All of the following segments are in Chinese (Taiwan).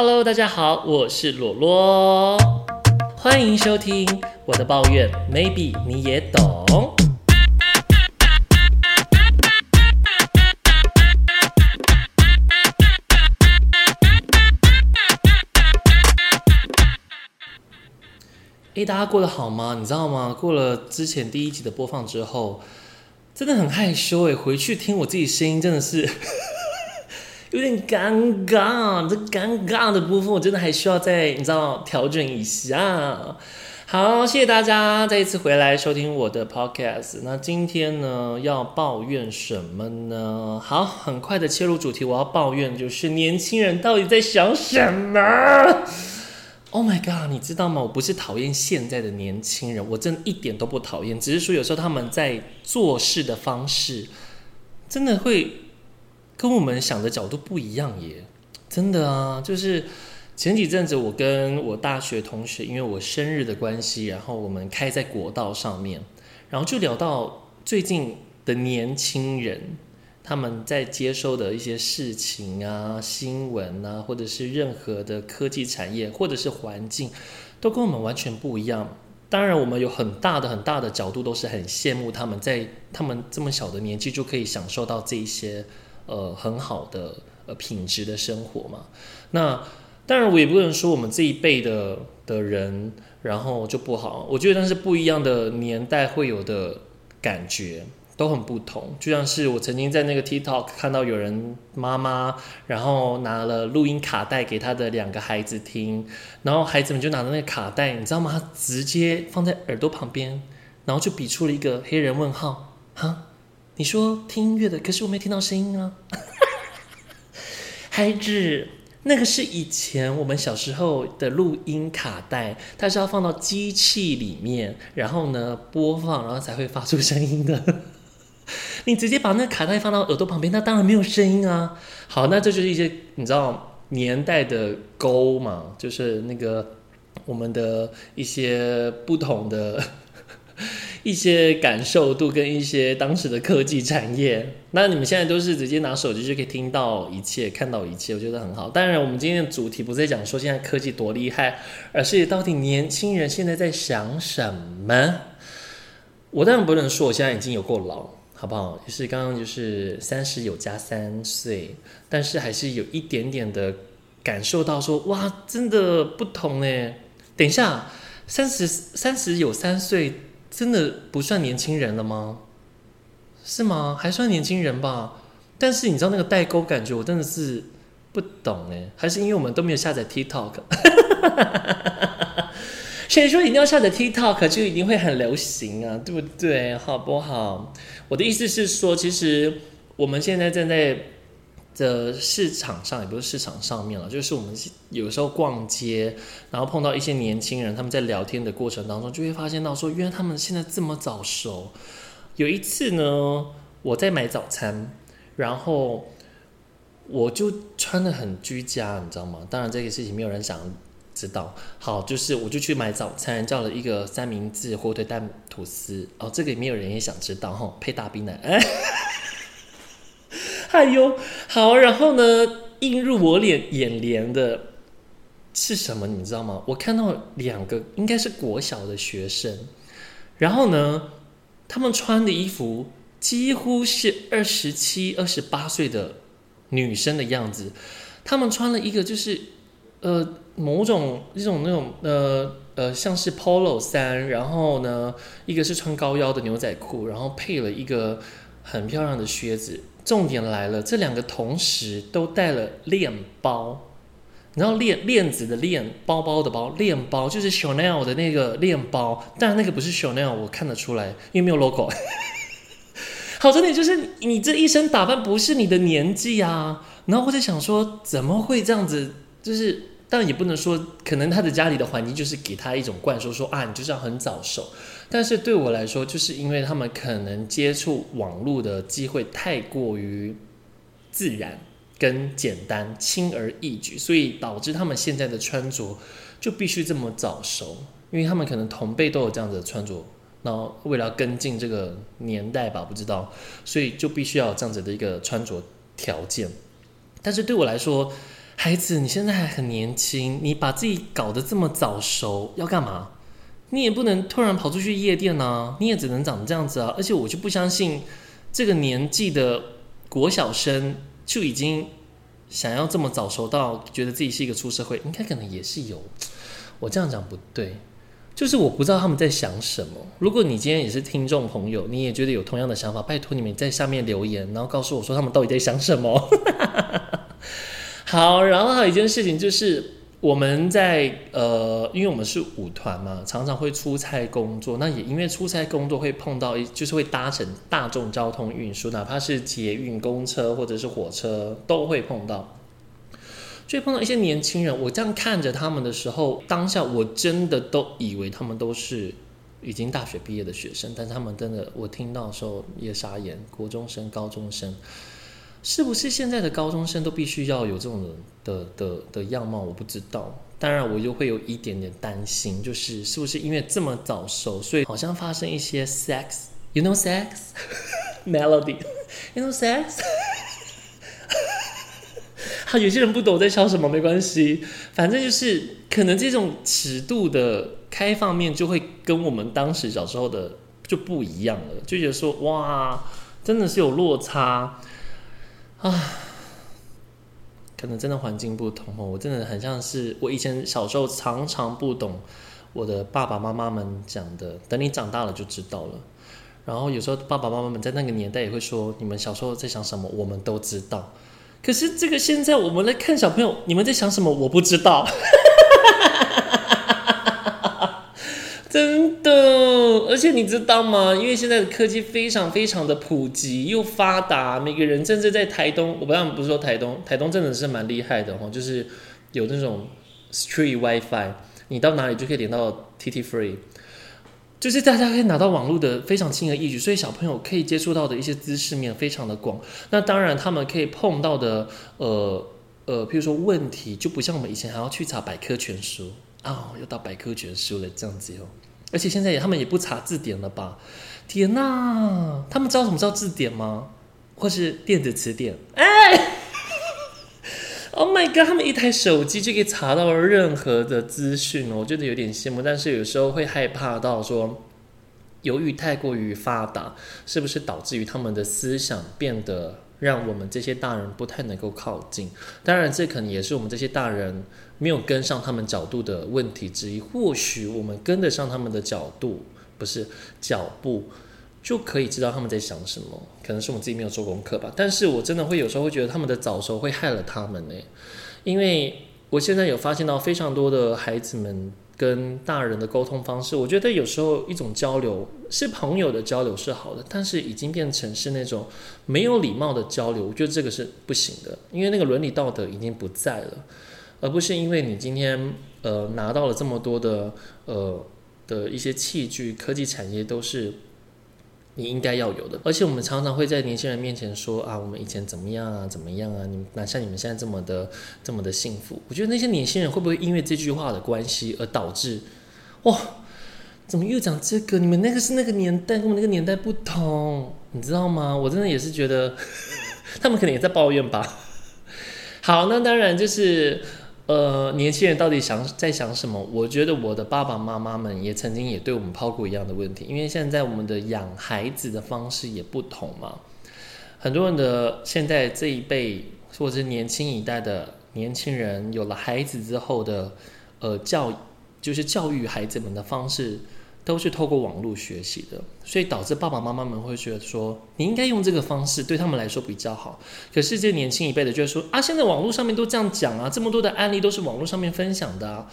Hello，大家好，我是羅羅。歡迎收聽我的抱怨，Maybe 你也懂。大家過得好嗎？你知道嗎？過了之前第一集的播放之後，真的很害羞誒，回去聽我自己聲音，真的是。有點尷尬，這尷尬的部分我真的還需要再你知道調整一下。好，謝謝大家再一次回來收聽我的 podcast。那今天呢，要抱怨什麼呢？好，很快的切入主題，我要抱怨就是年輕人到底在想什麼？Oh my God，你知道嗎？我不是討厭現在的年輕人，我真的一點都不討厭，只是說有時候他們在做事的方式真的會。跟我們想的角度不一樣耶，真的啊！就是前幾陣子，我跟我大學同學，因為我生日的關係，然後我們開在國道上面，然後就聊到最近的年輕人，他們在接收的一些事情啊、新聞啊，或者是任何的科技產業，或者是環境，都跟我們完全不一樣。當然，我們有很大的、很大的角度，都是很羨慕他們在他們這麼小的年紀就可以享受到這一些。呃，很好的呃品質的生活嘛。那當然，我也不能說我們這一輩的的人，然後就不好。我覺得那是不一樣的年代會有的感覺，都很不同。就像是我曾經在那個 TikTok 看到有人媽媽，然後拿了錄音卡帶給他的兩個孩子聽，然後孩子們就拿着那個卡帶，你知道嗎？他直接放在耳朵旁邊，然後就比出了一個黑人問號，哈。你說聽音樂的，可是我沒聽到聲音啊！孩子，那個是以前我們小時候的錄音卡帶，它是要放到機器裡面，然後呢播放，然後才會發出聲音的。 你直接把那個卡帶放到耳朵旁邊，那當然沒有聲音啊。好，那這就是一些你知道年代的溝嘛，就是那個我們的一些不同的。一些感受度跟一些當時的科技產業，那你們現在都是直接拿手機就可以聽到一切、看到一切，我覺得很好。當然，我們今天的主題不再講說現在科技多厲害，而是到底年輕人現在在想什麼。我當然不能說我現在已經有夠老，好不好？就是剛剛就是三十有加三歲，但是還是有一點點的感受到說，哇，真的不同誒、欸。等一下，三十三十有三歲。真的不算年輕人了嗎？是嗎？還算年輕人吧。但是你知道那個代溝感覺，我真的是不懂哎、欸。還是因為我們都沒有下載 TikTok？ 誰說一定要下載 TikTok 就一定會很流行啊？對不對？好不好？我的意思是說，其實我們現在正在。的市場上也不是市場上面了，就是我們有時候逛街，然後碰到一些年輕人，他們在聊天的過程當中，就會發現到說，原來他們現在這麼早熟。有一次呢，我在買早餐，然後我就穿得很居家，你知道嗎？當然這個事情沒有人想知道。好，就是我就去買早餐，叫了一個三明治、火腿蛋吐司，哦，這個也沒有人也想知道，配大冰奶。哎哎呦，好，然後呢，映入我臉眼簾的是什麼？你知道嗎？我看到兩個應該是國小的學生，然後呢，他們穿的衣服幾乎是二十七、二十八歲的女生的樣子。他們穿了一個就是呃某種這種那種呃呃像是 Polo 衫，然後呢，一個是穿高腰的牛仔褲，然後配了一個很漂亮的靴子。重點來了，這兩個同事都帶了鏈包，然後鏈，鏈子的鏈，包包的包，鏈包就是 Chanel 的那個鏈包，但那個不是 Chanel，我看得出來，因為沒有 logo。 好，重點就是你這一身打扮不是你的年紀啊，然後我就想說，怎麼會這樣子，就是。但也不能說，可能他的家裡的環境就是給他一種灌輸，說啊，你就是要很早熟。但是對我來說，就是因為他們可能接觸網絡的機會太過於自然、跟簡單、輕而易舉，所以導致他們現在的穿着就必須這麼早熟，因為他們可能同輩都有這樣子的穿着，然後為了要跟進這個年代吧，不知道，所以就必須要有這樣子的一個穿着條件。但是對我來說。孩子，你現在還很年輕，你把自己搞得這麼早熟，要幹嘛？你也不能突然跑出去夜店啊。你也只能長這樣子啊！而且我就不相信，這個年紀的國小生就已經想要這麼早熟到覺得自己是一個出社會，應該可能也是有。我這樣講不對，就是我不知道他們在想什麼。如果你今天也是聽眾朋友，你也覺得有同樣的想法，拜托你們在下面留言，然後告訴我說他們到底在想什麼。 好，然後還有一件事情就是，我們在呃，因為我們是舞團嘛，常常會出差工作。那也因為出差工作會碰到一，就是會搭乘大眾交通運輸，哪怕是捷運、公車或者是火車，都會碰到。所以碰到一些年輕人，我這樣看着他們的時候，當下我真的都以為他們都是已經大學畢業的學生，但是他們真的，我聽到的時候也傻眼，國中生、高中生。是不是現在的高中生都必須要有這種的的的，的樣貌？我不知道。當然，我就會有一點點擔心，就是是不是因為這麼早熟，所以好像發生一些 sex，you know sex melody，you know sex。 哈， 有些人不懂我在笑什麼，沒關係，反正就是可能這種尺度的開放面就會跟我們當時小時候的就不一樣了，就覺得說哇，真的是有落差。啊，可能真的環境不同哦。我真的很像是我以前小時候常常不懂我的爸爸媽媽們講的，等你長大了就知道了。然後有時候爸爸媽媽們在那個年代也會說：“你們小時候在想什麼，我們都知道。”可是這個現在我們來看小朋友，你們在想什麼，我不知道。 真的。而且你知道嗎？因為現在的科技非常非常的普及又發達，每個人甚至在台東，我不知道，不是說台東，台東真的是蠻厲害的哈，就是有那種 street WiFi，你到哪裡就可以連到 TT Free，就是大家可以拿到網絡的非常輕而易舉，所以小朋友可以接觸到的一些知識面非常的廣。那當然他們可以碰到的呃呃，譬、呃、如說問題就不像我們以前還要去查百科全書啊、哦，又到百科全書了這樣子哦。而且現在也他們也不查字典了吧？天哪，他們知道什麼叫字典嗎？或是電子詞典？哎，Oh my god！他們一台手機就可以查到任何的資訊哦，我覺得有點羨慕。但是有時候會害怕到說，由於太過於發達，是不是導致於他們的思想變得？讓我們這些大人不太能夠靠近，當然，這可能也是我們這些大人沒有跟上他們角度的問題之一。或許我們跟得上他們的角度，不是腳步，就可以知道他們在想什麼。可能是我們自己沒有做功課吧。但是我真的會有時候會覺得他們的早熟會害了他們呢，因為我現在有發現到非常多的孩子們。跟大人的溝通方式，我覺得有時候一種交流是朋友的交流是好的，但是已經變成是那種沒有禮貌的交流，我覺得這個是不行的，因為那個倫理道德已經不在了，而不是因為你今天呃拿到了這麼多的呃的一些器具，科技產業都是。你應該要有的，而且我們常常會在年輕人面前說啊，我們以前怎麼樣啊，怎麼樣啊，你們哪像你們現在這麼的這麼的幸福？我覺得那些年輕人會不會因為這句話的關係而導致，哇、哦，怎麼又講這個？你們那個是那個年代，跟我們那個年代不同，你知道嗎？我真的也是覺得，他們可能也在抱怨吧。好，那當然就是。呃，年輕人到底想在想什麼？我覺得我的爸爸媽媽們也曾經也對我們拋過一樣的問題，因為現在我們的養孩子的方式也不同嘛。很多人的現在這一輩或者是年輕一代的年輕人，有了孩子之後的呃教，就是教育孩子們的方式。都是透過網絡學習的，所以導致爸爸媽媽們會覺得說，你應該用這個方式對他們來說比較好。可是這年輕一輩的就會說，啊，現在網絡上面都這樣講啊，這麼多的案例都是網絡上面分享的啊。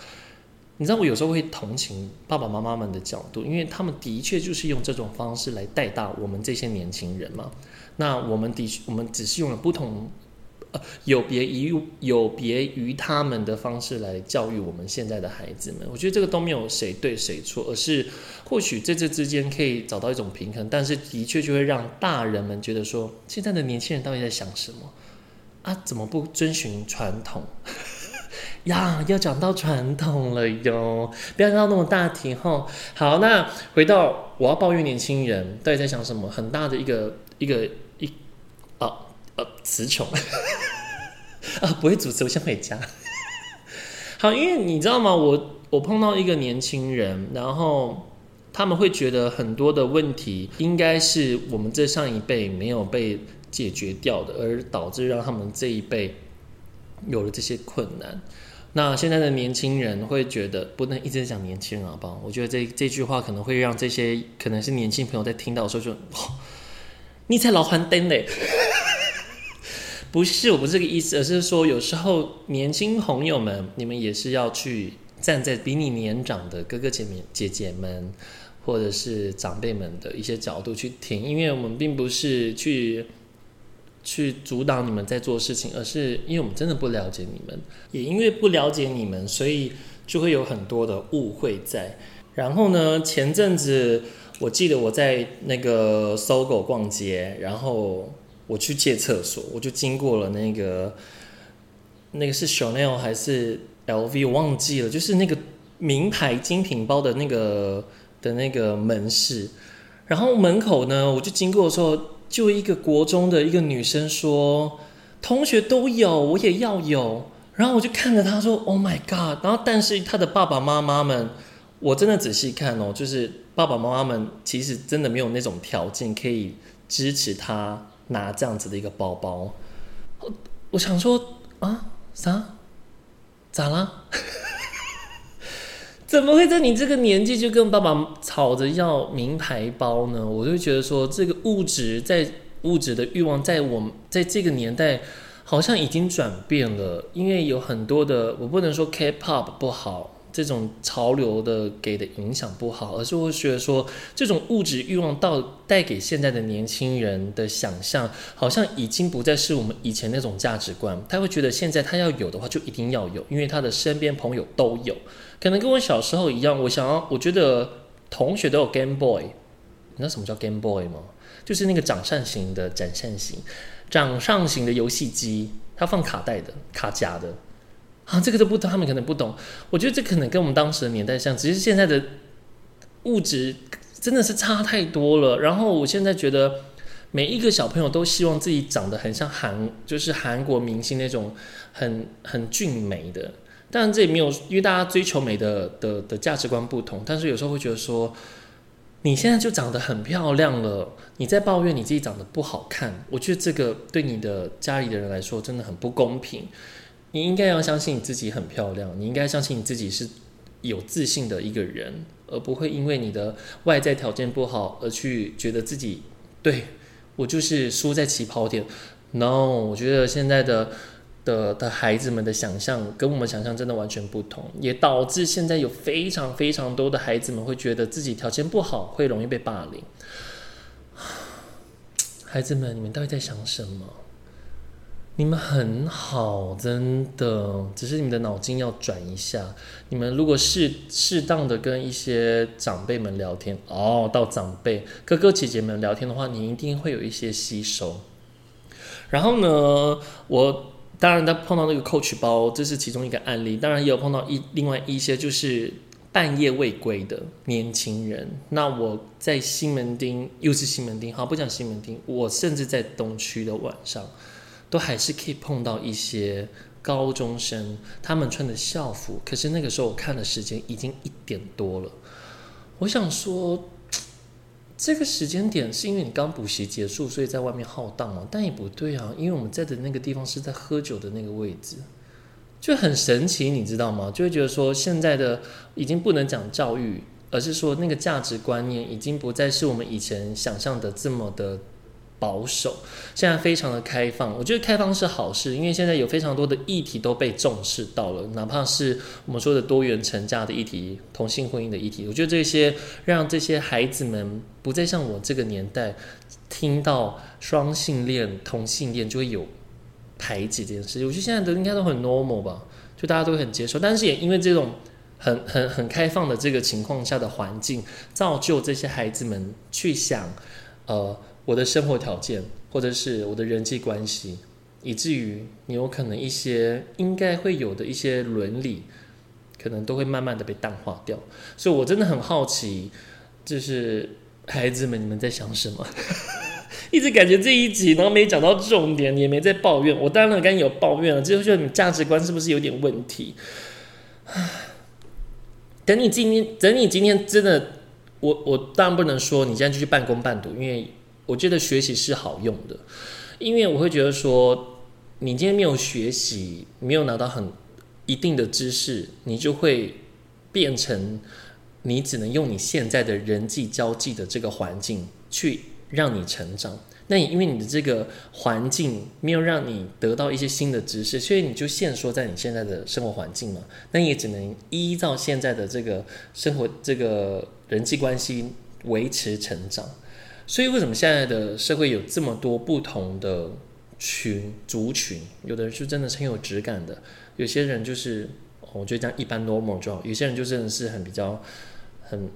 你知道我有時候會同情爸爸媽媽們的角度，因為他們的確就是用這種方式來帶大我們這些年輕人嘛。那我們的我們只是用了不同，呃、有別於有別於他們的方式來教育我們現在的孩子們，我覺得這個都沒有誰對誰錯，而是或許在這之間可以找到一種平衡，但是的確就會讓大人們覺得說，現在的年輕人到底在想什麼啊？怎麼不遵循傳統？ 呀，要講到傳統了喲，不要講到那麼大題，吼。好，那回到我要抱怨年輕人到底在想什麼，很大的一個一個。呃，詞窮啊，不會主持，我想回家。 好，因為你知道嗎？我我碰到一個年輕人，然後他們會覺得很多的問題應該是我們這上一輩沒有被解決掉的，而導致讓他們這一輩有了這些困難。那現在的年輕人會覺得，不能一直講年輕人，好不好？我覺得這這句話可能會讓這些可能是年輕朋友在聽到的時候就，你才老還燈呢。不是，我不是這個意思，而是說，有時候年輕朋友們，你們也是要去站在比你年長的哥哥姐姐們，姐姐們或者是長輩們的一些角度去聽，因為我們並不是去去阻擋你們在做事情，而是因為我們真的不了解你們，也因為不了解你們，所以就會有很多的誤會在。然後呢，前陣子我記得我在那個 SOGO 逛街，然後。我去借廁所，我就經過了那個，那個是 Chanel 還是 LV，我忘記了，就是那個名牌精品包的那個的那個門市。然後門口呢，我就經過的時候，就一個國中的一個女生說：“同學都有，我也要有。”然後我就看着她說：“Oh my god！” 然後但是她的爸爸媽媽們，我真的仔細看哦，就是爸爸媽媽們其實真的沒有那種條件可以支持她。拿這樣子的一個包包，我我想說，啊啥咋啦？ 怎麼會在你這個年紀就跟爸爸吵着要名牌包呢？我就覺得說，這個物質在物質的慾望，在我在這個年代好像已經轉變了，因為有很多的，我不能說 K-pop 不好。這種潮流的給的影響不好，而是我覺得說，這種物質欲望到帶給現在的年輕人的想象，好像已經不再是我們以前那種價值觀。他會覺得現在他要有的話就一定要有，因為他的身邊朋友都有。可能跟我小時候一樣，我想要、啊，我覺得同學都有 Game Boy。你知道什麼叫 Game Boy 嗎？就是那個掌上型的，掌上型，掌上型的遊戲機，它放卡帶的，卡夾的。啊，這個都不懂，他們可能不懂。我覺得這可能跟我們當時的年代像，只是現在的物質真的是差太多了。然後我現在覺得每一個小朋友都希望自己長得很像韓，就是韓國明星那種很很俊美的。當然，這也沒有，因為大家追求美的的的價值觀不同，但是有時候會覺得說，你現在就長得很漂亮了，你在抱怨你自己長得不好看。我覺得這個對你的家裡的人來說真的很不公平。你應該要相信你自己很漂亮，你應該相信你自己是有自信的一個人，而不會因為你的外在條件不好而去覺得自己，對，我就是輸在起跑點。No，我覺得現在的的的孩子們的想象跟我們想象真的完全不同，也導致現在有非常非常多的孩子們會覺得自己條件不好，會容易被霸凌。孩子們，你們到底在想什麼？你們很好，真的，只是你們的腦筋要轉一下。你們如果適適當的跟一些長輩們聊天哦，到長輩哥哥姐姐們聊天的話，你一定會有一些吸收。然後呢，我當然在碰到那個 coach 包，這是其中一個案例。當然也有碰到一另外一些就是半夜未歸的年輕人。那我在西門町，又是西門町，好不講西門町，我甚至在東區的晚上。都還是可以碰到一些高中生，他們穿的校服。可是那個時候我看的時間已經一點多了，我想說，這個時間點是因為你剛補習結束，所以在外面浩蕩了啊。但也不對啊，因為我們在的那個地方是在喝酒的那個位置，就很神奇，你知道嗎？就會覺得說現在的已經不能講教育，而是說那個價值觀念已經不再是我們以前想象的這麼的保守，現在非常的開放。我覺得開放是好事，因為現在有非常多的議題都被重視到了，哪怕是我們說的多元成家的議題、同性婚姻的議題。我覺得這些讓這些孩子們不再像我這個年代聽到雙性戀、同性戀就會有排擠這件事情。我覺得現在的應該都很 normal 吧，就大家都很接受。但是也因為這種很、很、很開放的這個情況下的環境，造就這些孩子們去想，呃。我的生活條件，或者是我的人際關係，以至於你有可能一些應該會有的一些倫理，可能都會慢慢的被淡化掉。所以，我真的很好奇，就是孩子們，你們在想什麼？ 一直感覺這一集，然後沒講到重點，你也沒在抱怨。我當然跟你有抱怨了，就是說你價值觀是不是有點問題？唉，等你今天，等你今天真的，我我當然不能說你現在就去半工半讀，因為。我覺得學習是好用的，因為我會覺得說，你今天沒有學習，沒有拿到很一定的知識，你就會變成你只能用你現在的人際交際的這個環境去讓你成長。那因為你的這個環境沒有讓你得到一些新的知識，所以你就限縮在你現在的生活環境嘛。那也只能依照現在的這個生活，這個人際關係維持成長。所以，為什麼現在的社會有這麼多不同的群族群？有的人是真的是很有質感的，有些人就是我覺得這樣一般 normal 就好，有些人就真的是很比較很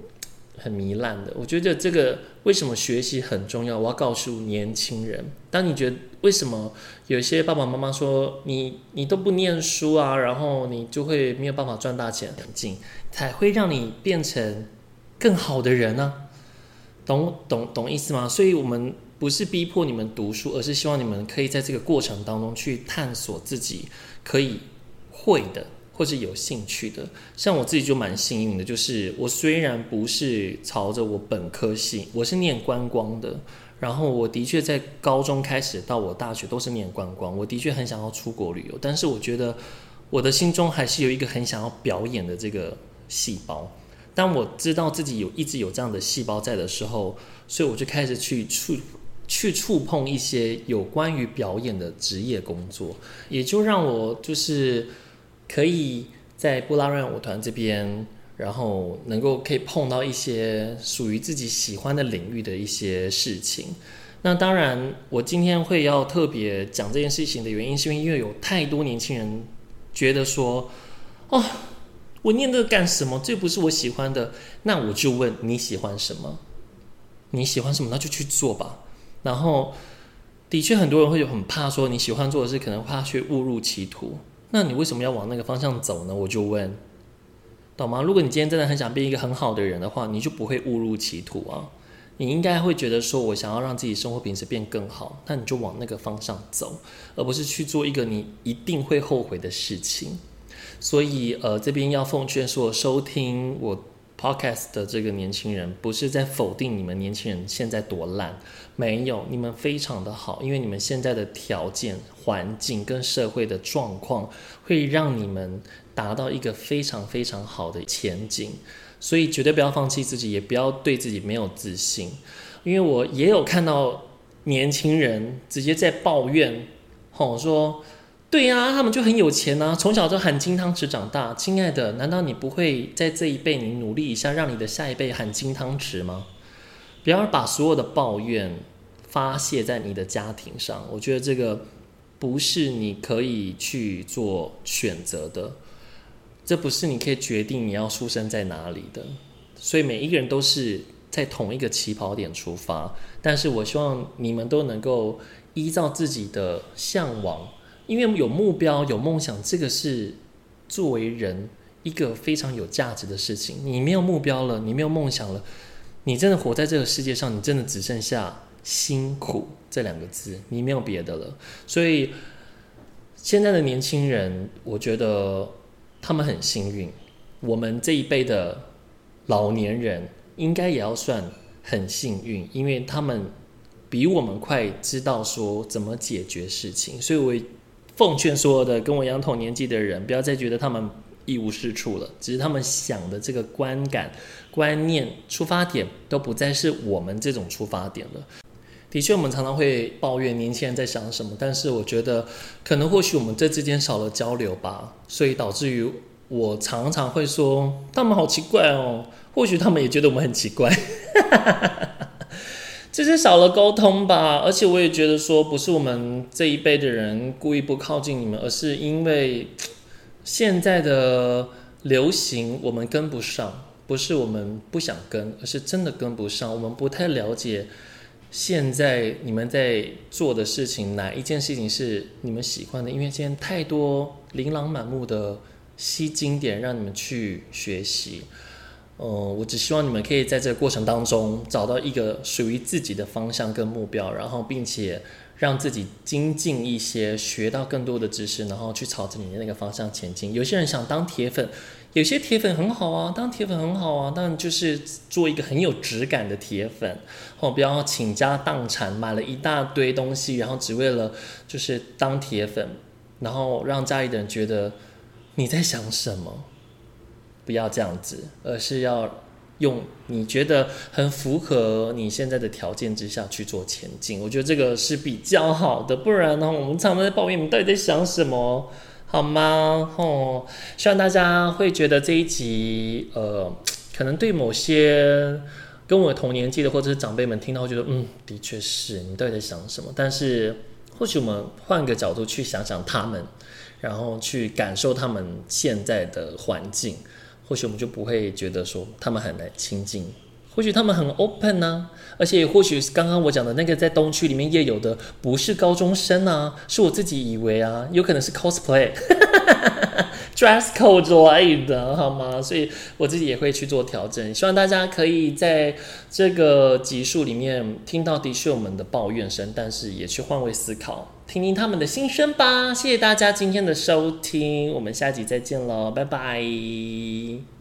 很糜爛的。我覺得這個為什麼學習很重要？我要告訴年輕人：當你覺得為什麼有些爸爸媽媽說你你都不念書啊，然後你就會沒有辦法賺大錢，很近才會讓你變成更好的人呢、啊？懂懂懂意思嗎？所以，我們不是逼迫你們讀書，而是希望你們可以在這個過程當中去探索自己可以會的或者有興趣的。像我自己就蠻幸運的，就是我雖然不是朝着我本科系，我是念觀光的，然後我的確在高中開始到我大學都是念觀光，我的確很想要出國旅遊，但是我覺得我的心中還是有一個很想要表演的這個細胞。當我知道自己有一直有這樣的細胞在的時候，所以我就開始去觸、去觸碰一些有關於表演的職業工作，也就讓我就是可以在布拉瑞舞團這邊，然後能夠可以碰到一些屬於自己喜歡的領域的一些事情。那當然，我今天會要特別講這件事情的原因，是因為因為有太多年輕人覺得說，哦。我念這個幹什麼？這不是我喜歡的，那我就問你喜歡什麼？你喜歡什麼？那就去做吧。然後，的確很多人會有很怕說你喜歡做的事，可能怕去誤入歧途。那你為什麼要往那個方向走呢？我就問，懂嗎？如果你今天真的很想變一個很好的人的話，你就不會誤入歧途啊。你應該會覺得說，我想要讓自己生活品質變更好，那你就往那個方向走，而不是去做一個你一定會後悔的事情。所以，呃，這邊要奉勸說，收聽我 podcast 的這個年輕人，不是在否定你們年輕人現在多爛，沒有，你們非常的好，因為你們現在的條件、環境跟社會的狀況，會讓你們達到一個非常非常好的前景。所以，絕對不要放棄自己，也不要對自己沒有自信。因為我也有看到年輕人直接在抱怨，吼說。對呀、啊，他們就很有錢啊。從小就含金湯匙長大。親愛的，難道你不會在這一輩你努力一下，讓你的下一輩含金湯匙嗎？不要把所有的抱怨發洩在你的家庭上。我覺得這個不是你可以去做選擇的，這不是你可以決定你要出生在哪裡的。所以每一個人都是在同一個起跑點出發，但是我希望你們都能夠依照自己的向往。因為有目標、有夢想，這個是作為人一個非常有價值的事情。你沒有目標了，你沒有夢想了，你真的活在這個世界上，你真的只剩下辛苦這兩個字，你沒有別的了。所以現在的年輕人，我覺得他們很幸運。我們這一輩的老年人，應該也要算很幸運，因為他們比我們快知道說怎麼解決事情。所以，我。奉勸所有的跟我一樣同年紀的人，不要再覺得他們一無是處了。只是他們想的這個觀感、觀念、出發點都不再是我們這種出發點了。的確，我們常常會抱怨年輕人在想什麼，但是我覺得，可能或許我們這之間少了交流吧，所以導致於我常常會說他們好奇怪哦。或許他們也覺得我們很奇怪。 這些少了溝通吧，而且我也覺得說，不是我們這一輩的人故意不靠近你們，而是因為現在的流行我們跟不上，不是我們不想跟，而是真的跟不上。我們不太了解現在你們在做的事情，哪一件事情是你們喜歡的？因為現在太多琳琅滿目的吸睛點讓你們去學習。嗯、呃，我只希望你們可以在這個過程當中找到一個屬於自己的方向跟目標，然後並且讓自己精進一些，學到更多的知識，然後去朝着你的那個方向前進。有些人想當鐵粉，有些鐵粉很好啊，當鐵粉很好啊，但就是做一個很有質感的鐵粉，然後不要傾家蕩產買了一大堆東西，然後只為了就是當鐵粉，然後讓家裡的人覺得你在想什麼？不要這樣子，而是要用你覺得很符合你現在的條件之下，去做前進。我覺得這個是比較好的，不然呢，我們常常在抱怨，你到底在想什麼？好嗎？吼、嗯，希望大家會覺得這一集，呃，可能對某些跟我同年紀的或者是長輩們聽到，我覺得嗯，的確是，你到底在想什麼？但是或許我們換個角度去想想他們，然後去感受他們現在的環境。或許我們就不會覺得說，他們很難親近，或許他們很 open 呢、啊,而且或許剛剛我講的那個在東區裡面也有的不是高中生呢、啊，是我自己以為啊，有可能是 cosplay、 dress code 之類的，好嗎？所以我自己也會去做調整，希望大家可以在這個集數裡面聽到的是我們的抱怨聲，但是也去換位思考。聽聽他們的心聲吧，謝謝大家今天的收聽，我們下集再見嘍，拜拜。